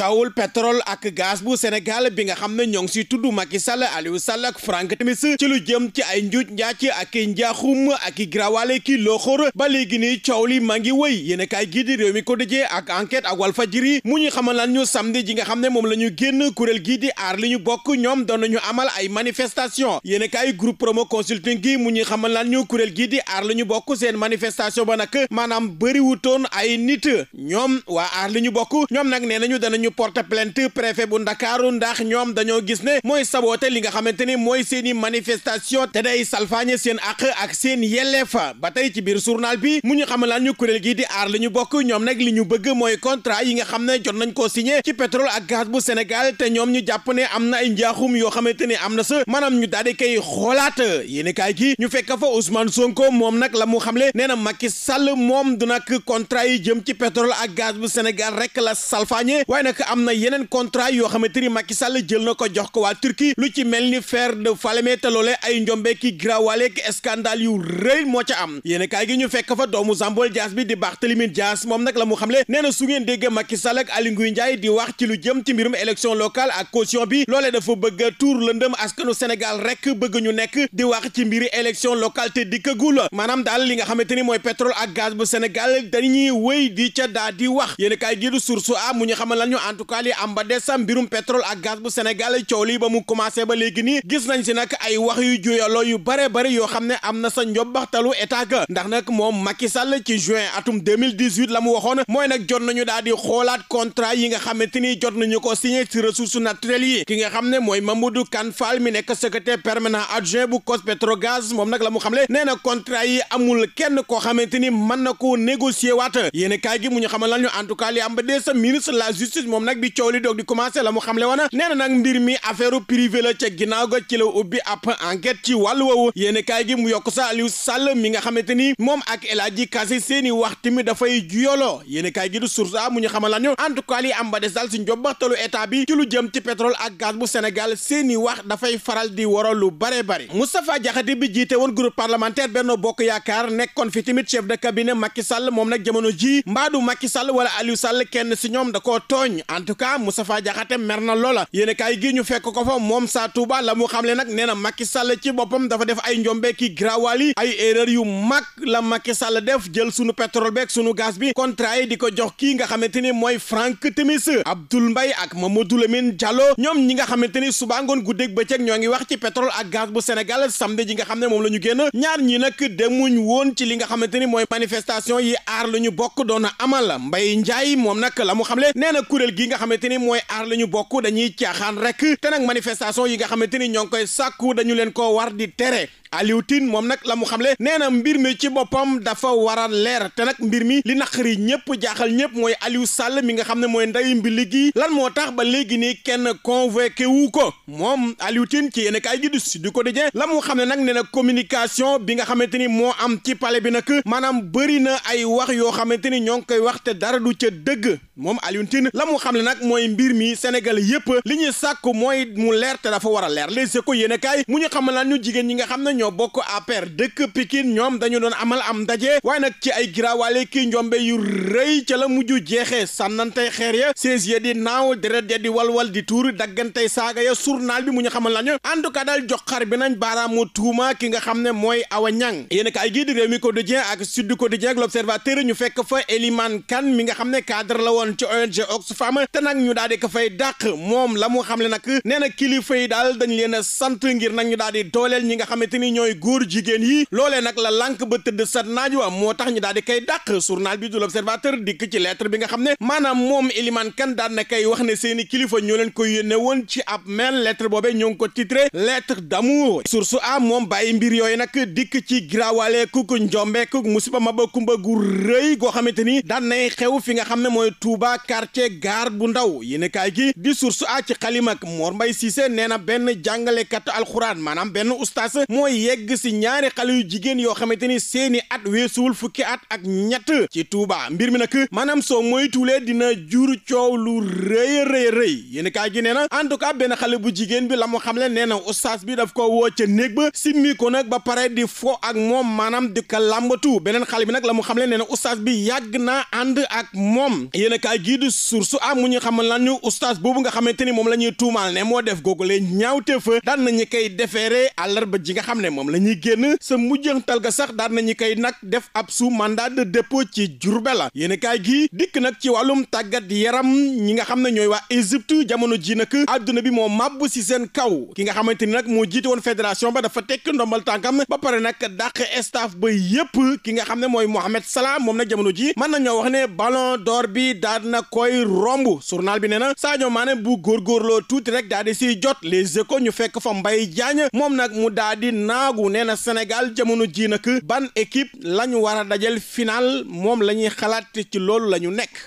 coowul pétrole ak gaz bu Sénégal bi nga xam ne ñoo ngi si tudd Macky Sall Aliou sal ak Frank Timis ci lu jëm ci ay njuuj njaac ak i njaaxum ak i grawale ki looxóor ba léegi ni coow li maa ngi wëy yéen kaay gii di réew mi ko dëjee ak enquête ak Walfadjri mu ñu xamal lan ñu samedi ji nga xam ne moom la ñu génn kuréel gii di aar li ñu bokk ñoom doon nañu amal ay manifestation yéen a kaay groupe promo consulting gi mu ñu xamal lan ñu kuréel gii di aar li ñu bokk seen manifestation ba nag maanaam bëriwutoon ay nit ñoom waa ñu bokk ñoom ñu porte plainte préfet bu ndakaaru ndax ñoom dañoo gis ne mooy saboote li nga xamante ni mooy seen i manifestation te day salfaañe seen àq ak seen yelleefa ba tey ci biir journal bi mu ñu xamalaan ñu kuréel gii di aar li ñu bokk ñoom nag li ñu bëgg mooy contrat yi nga xam ne jot nañ koo signé ci pétrole ak gaz bu Sénégal te ñoom ñu jàpp ne am na ay njaaxum yoo xamante ni am na sa maanaam ñu daal di koy xoolaat yéeni kaay gi ñu fekk fa Ousmane Sonko moom nag la mu xamle nee na Macky Sall moom du nag contrat yi jëm ci pétrole ak gaz bu Sénégal rek la salfaañe nag am na yeneen contrat yoo xamante ni Macky Sall jël na ko jox ko waa Turquie lu ci mel ni fer de Falémé te loolee ay njombe ki grawale ki yu rëy moo ca am yéen gi ñu fekk fa doomu Zambol Dias bi di Barthélémy Dias moom nag la mu xamle nee na su ngeen déggee Macky ak Aly Ngouille Ndiaye di wax ci lu jëm ci mbirum élection ak caution bi loolee dafa bëgg a tuur lëndëm askanu Sénégal rek bëgg nekk di wax ci mbiri élection locale ni mooy pétrole ak gaz bu Sénégal dañuy wéy di ca daa a en tout cas li am ba des mbirum pétrole ak gaz bu Sénégal coow li ba mu commencé ba léegi nii gis nañ si nag ay wax yu juyaloo yu bare bare yoo xam ne am na sa njobbaxtalu état ga ndax nag moom Macky Sall ci juin atum 2018 la mu waxoon mooy nag jot nañu daal di xoolaat contrat yi nga xamante ni jot nañu ko signé ci ressources naturelles yi ki nga xam ne mooy Mamadou Kane Fall mi nekk secrétaire permanent adjoint bu COS-Petrogaz moom nag la mu xamle nee na contrat yi amul koo xamante ni mën na koo négocier waat yéen kaay gi mu ñu moom nag bi coow li doog di commencé la mu xamle woon nee na nag mbir mi affaire privé la ca ginnaaw ga ci la ubbi ab enquête ci wàllu woowu yéen kaay gi mu yokk sa Aliou Sall mi nga xamante ni moom ak El Hadji Kassé seeni wax tamit dafay juyoloo yéen kaay gi du source mu ñu xamal lañu en tout cas li am ba des daal si njobbaxtalu état bi ci lu jëm ci pétrole ak gaz bu Sénégal seeni wax dafay faral di waral lu bare bare Moustapha Diakhaté bi jiite woon groupe parlementaire Benno Bokk Yaakaar nekkoon fi tamit chef de cabinet Macky Sall moom nag jamono ji mbaadu Macky Sall wala Aliou Sall kenn si ñoom da koo tooñ nañu en tout cas loola yéen kaay gi ñu fekk ko fa moom saa Touba la mu xamle nag nee na Macky Sall ci boppam dafa def ay njombe ki grawal yi ay erreur yu mag la Macky Sall def jël sunu pétrole beeg sunu gaz bi contrat yi di ko jox ki nga xamante ni mooy Franck Timis Abdoul mbay ak Mamadou Lamine Diallo ñoom ñi nga xamante ni suba ngoon guddeeg bëccëg ñoo ngi wax ci pétrole ak gaz bu Sénégal samedi ji nga xam ne moom la ñu génn ñaar ñi nag demuñ woon ci li nga xamante ni mooy manifestation yi aar la ñu bokk doon amal Mbaye Ndiaye na kuréel gi nga xamante ni mooy aar ñu bokk dañuy caaxaan rek te nag manifestation yi nga xamante ni ñoo ngi koy sàkku dañu leen ko war di tere Aliou Tine moom nag la mu xamle nee na mbir mi ci boppam dafa war a leer te nag mbir mi li naqari ñëpp jaaxal ñëpp mooy Aliou Sall mi nga xam ne mooy ndeyu mbili gi lan moo tax ba léegi nii kenn convoqué wu ko moom Aliou Tine ci yéen a kaay si du Sud Quotidien la xam ne nag nee na communication bi nga xamante ni moo am ci pale bi nag maanaam bëri na ay wax yoo xamante ni ñoo ngi koy wax te dara du ca dëgg moom Aliou xam ne nag mooy mbir mi Sénégal yépp li ñuy sàkk mooy mu leer te fa war a leer Les Échos yéenekaay mu ñu xam naan ñu jigéen ñi nga xam ne ñoo bokk APR dëkk Pikine ñoom dañu doon amal am daje waaye nag ci ay giraawaale kii njombe yu rëy ca la mujj jeexee sànnantey xeer ya sees ya di naaw deret ya di walwal di tuur daggantey saaga ya journal bi mu ñu xam nañu en tout daal jox xar bi nañ baaraamu tuuma ki nga xam ne mooy Awa Niang yéenekaay gi di Rewmi Quotidien ak Sud Quotidien ak L'Observateur ñu fekk fa Eliman Kane mi nga xam ne cadre la woon ci ONG programme te nag ñu daal di ko fay dàq moom la xam xamle nag nee na kilifa yi daal dañ leen a sant ngir nag ñu daal di dooleel ñi nga xamante ni ñooy góor jigéen yi loolee nag la lànk ba tëdd sat naaj wa moo tax ñu daal di koy dàq journal bi du l'Observateur dikk ci lettre bi nga xam ne maanaam moom Eliman Kan daan na koy wax ne seeni kilifa ñoo leen ko yónne woon ci ab mail lettre boobee ñoo ngi ko titré lettre d'amour source a moom bàyyi mbir yooyu nag dikk ci giraawaale kuk njombe kuk musiba maba kumba gu rëy goo xamante ni daan nay xew fi nga xam ne mooy Touba quartier ga milliard bu ndaw yéenekaay gi di source a ci xalimak Mor Mbaye Cissé nee na benn jàngalekatu alxuraan maanaam benn ustaas mooy yegg si ñaari xale yu jigéen yoo xamante ni seeni at weesuwul fukki at ak ñett ci Touba mbir mi nag maanaam soo moytuwulee dina jur coow lu rëy rëy rëy yéenekaay gi nee na en tout cas benn xale bu jigéen bi la mu le nee na ustaas bi daf ko woo ca néeg ba simmi ko nag ba pare di fo ak moom maanaam di ko làmbatu beneen xale bi nag la mu xamle nee na ustaas bi yàgg naa ànd ak moom Ba mu ñu xamal lan ñu oustaz boobu nga xamante ni moom la ñuy tuumaal ne moo def googu lee ñaawte fa daan nañu koy defeere àllarba ji nga xam ne moom la ñuy génn sa mujjantal ga sax daan nañu koy nag def ab sous mandat de dépôt ci Jurbel la yéen kaay gi dikk nag ci wàllum tàggat yaram ñi nga xam ne ñooy waa Égypte jamono ji nag àdduna bi moom màbb si seen kaw ki nga xamante ni nag moo jiite woon fédération ba dafa tekk ndombal tànkam ba pare nag dàq staff ba yépp ki nga xam ne mooy Mohamed Salah moom nag jamono ji mën nañoo wax ne ballon d'or bi daan na koy romb journal bi nee na Sadio Mané bu góorgóorloo tuuti rek daa di siy jot les échos ñu fekk fa Mbaye Diagne moom nag mu daa naagu nee na Sénégal jamono ji nag ban équipe lañu war a dajal final moom la ñuy xalaat ci loolu la ñu nekk